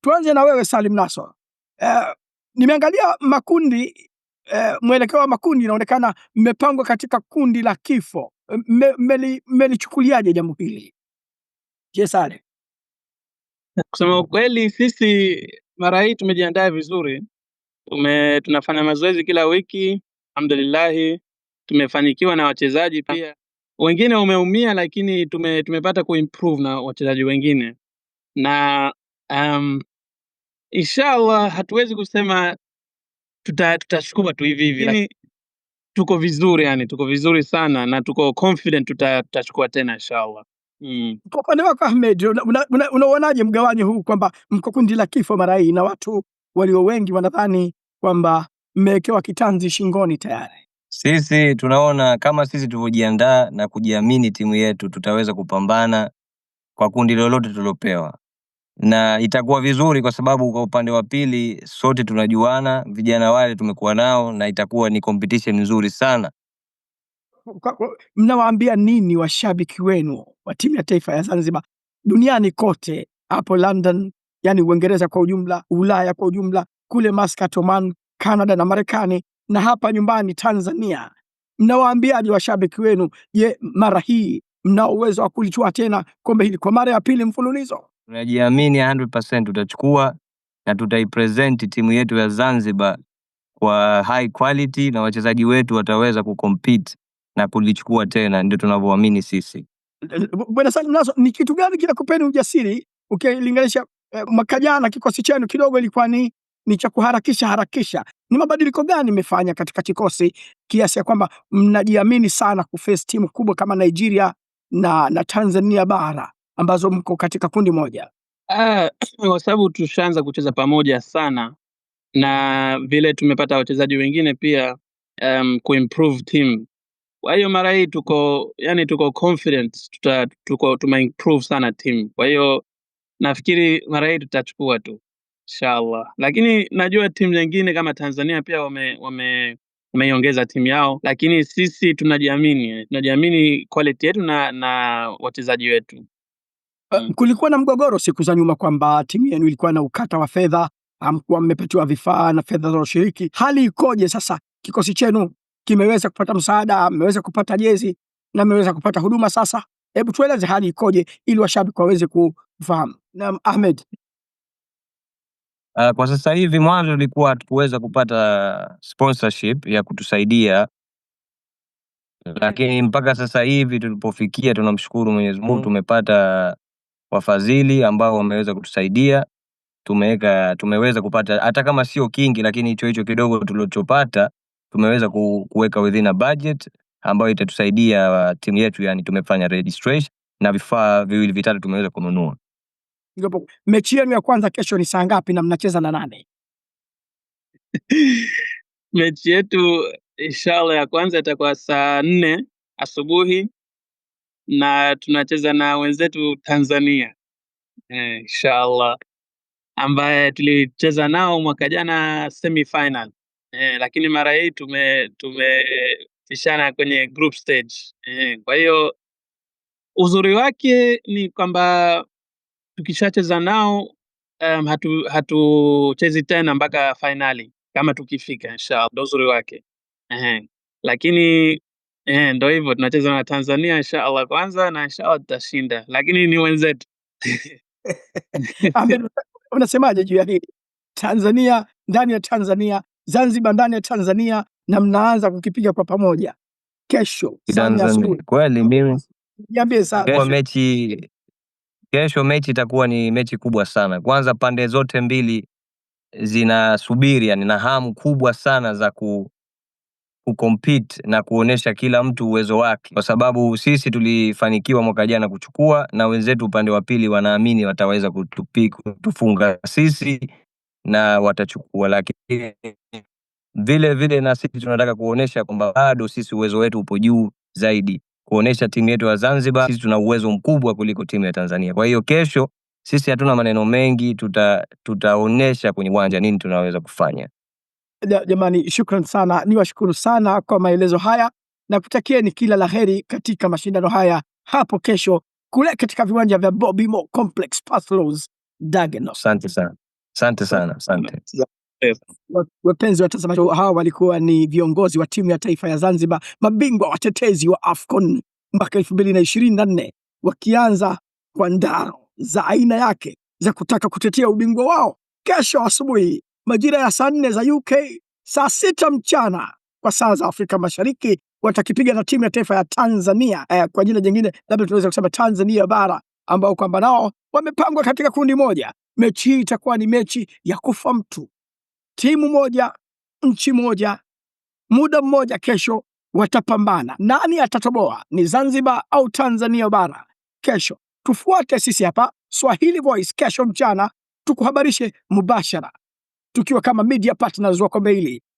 Tuanze na wewe Salim Naso. Uh, nimeangalia makundi uh, mwelekeo wa makundi inaonekana mmepangwa katika kundi la kifo. Mmelichukuliaje jambo hili? Je, Sale? Kusema ukweli, sisi mara hii tumejiandaa vizuri. Tume, tunafanya mazoezi kila wiki, alhamdulillahi tumefanikiwa na wachezaji pia wengine umeumia, lakini tume, tumepata kuimprove na wachezaji wengine na um, Inshallah hatuwezi kusema tutashukuma tuta tu hivi hivi, lakini tuko vizuri, yani tuko vizuri sana na tuko confident tutachukua tuta tena inshallah. Mm. Kwa upande wako Ahmed, unaonaje mgawanyo huu kwamba mko kundi la kifo mara hii na watu walio wengi wanadhani kwamba mmewekewa kitanzi shingoni tayari? Sisi tunaona kama sisi tulivyojiandaa na kujiamini timu yetu, tutaweza kupambana kwa kundi lolote tulopewa na itakuwa vizuri kwa sababu kwa upande wa pili sote tunajuana, vijana wale tumekuwa nao na itakuwa ni competition nzuri sana. Mnawaambia nini washabiki wenu wa timu ya taifa ya Zanzibar duniani kote, hapo London, yani Uingereza kwa ujumla, Ulaya kwa ujumla, kule Muscat, Oman, Canada na Marekani, na hapa nyumbani Tanzania, mnawaambiaje washabiki wenu? Je, mara hii mnao uwezo wa kulichua tena kombe hili kwa mara ya pili mfululizo? Tunajiamini 100% tutachukua na tutaipresent timu yetu ya Zanzibar kwa high quality na wachezaji wetu wataweza kucompete na kulichukua tena, ndio tunavyoamini sisi. Bwana Salim Naso, ni kitu gani kinakupeni ujasiri ukilinganisha eh, mwaka jana kikosi chenu kidogo ilikuwa ni ni cha kuharakisha harakisha? Ni mabadiliko gani mmefanya katika kikosi kiasi ya kwamba mnajiamini sana kuface timu kubwa kama Nigeria na, na Tanzania bara? ambazo mko katika kundi moja? Ah, kwa sababu tushaanza kucheza pamoja sana na vile tumepata wachezaji wengine pia um, kuimprove team. Kwa hiyo mara hii tuko yani, tuko confident tuta, tuko tumeimprove sana team. Kwa hiyo nafikiri mara hii tutachukua tu inshallah, lakini najua timu nyingine kama Tanzania pia wame, wame wameiongeza timu yao, lakini sisi tunajiamini, tunajiamini quality yetu na, na wachezaji wetu. Eh, mm. kulikuwa na mgogoro siku za nyuma kwamba timu yenu ilikuwa na ukata wa fedha, amkuwa mmepatiwa vifaa na fedha za ushiriki. Hali ikoje sasa? Kikosi chenu kimeweza kupata msaada, mmeweza kupata jezi na mmeweza kupata huduma sasa? Hebu tueleze hali ikoje ili washabiki waweze kufahamu. Naam, Ahmed. Uh, kwa sasa hivi, mwanzo ilikuwa hatukuweza kupata sponsorship ya kutusaidia lakini mpaka sasa hivi tulipofikia, tunamshukuru Mwenyezi Mungu mm. tumepata wafadhili ambao wameweza kutusaidia. Tumeweka tumeweza kupata hata kama sio kingi, lakini hicho hicho kidogo tulichopata tumeweza kuweka within a budget ambayo itatusaidia uh, timu yetu. Yani tumefanya registration na vifaa viwili vitatu tumeweza kununua. Mechi yenu ya kwanza kesho ni saa ngapi na mnacheza na nani? Mechi yetu inshallah ya kwanza itakuwa saa nne asubuhi na tunacheza na wenzetu Tanzania eh, inshallah ambaye tulicheza nao mwaka jana final eh, lakini mara hii tume tumepishana kwenye group stage eh, kwa hiyo uzuri wake ni kwamba tukishacheza nao um, hatuchezi tena mpaka fainali kama tukifika inshallah, ndo uzuri wake eh, lakini Eh, ndio hivyo tunacheza na Tanzania inshallah kwanza na inshallah tutashinda. Lakini ni wenzetu. unasemaje juu ya hili? Tanzania ndani ya Tanzania, Zanzibar ndani ya Tanzania na mnaanza kukipiga kwa pamoja. Kesho Tanzania. Kweli mimi niambie sasa kwa mechi kesho, mechi itakuwa ni mechi kubwa sana. Kwanza pande zote mbili zinasubiri yani na hamu kubwa sana za ku kucompete na kuonesha kila mtu uwezo wake, kwa sababu sisi tulifanikiwa mwaka jana kuchukua, na wenzetu upande wa pili wanaamini wataweza kutupi, kutufunga sisi na watachukua, lakini vile vile na sisi tunataka kuonesha kwamba bado sisi uwezo wetu upo juu zaidi, kuonesha timu yetu ya Zanzibar sisi tuna uwezo mkubwa kuliko timu ya Tanzania. Kwa hiyo kesho sisi hatuna maneno mengi, tuta kwenye uwanja nini tunaweza kufanya. Jamani, shukran sana, niwashukuru sana kwa maelezo haya na kutakieni kila laheri katika mashindano haya hapo kesho kule katika viwanja vya Bobby Moore Complex Pathlows Dagenham. Asante sana, asante sana, asante wapenzi watazamaji. Hawa walikuwa ni viongozi wa timu ya taifa ya Zanzibar, mabingwa watetezi wa AFCON mwaka elfu mbili na ishirini na nne wakianza kwa ndaro za aina yake za kutaka kutetea ubingwa wao kesho asubuhi majira ya saa nne za UK, saa sita mchana kwa saa za Afrika Mashariki, watakipiga na timu ya taifa ya Tanzania eh, kwa jina jingine labda tunaweza kusema Tanzania bara ambao kwamba nao wamepangwa katika kundi moja. Mechi hii itakuwa ni mechi ya kufa mtu, timu moja, nchi moja, muda mmoja. Kesho watapambana, nani atatoboa, ni Zanzibar au Tanzania bara? Kesho tufuate sisi hapa Swahili Voice, kesho mchana tukuhabarishe mubashara tukiwa kama media partners wa Kombe hili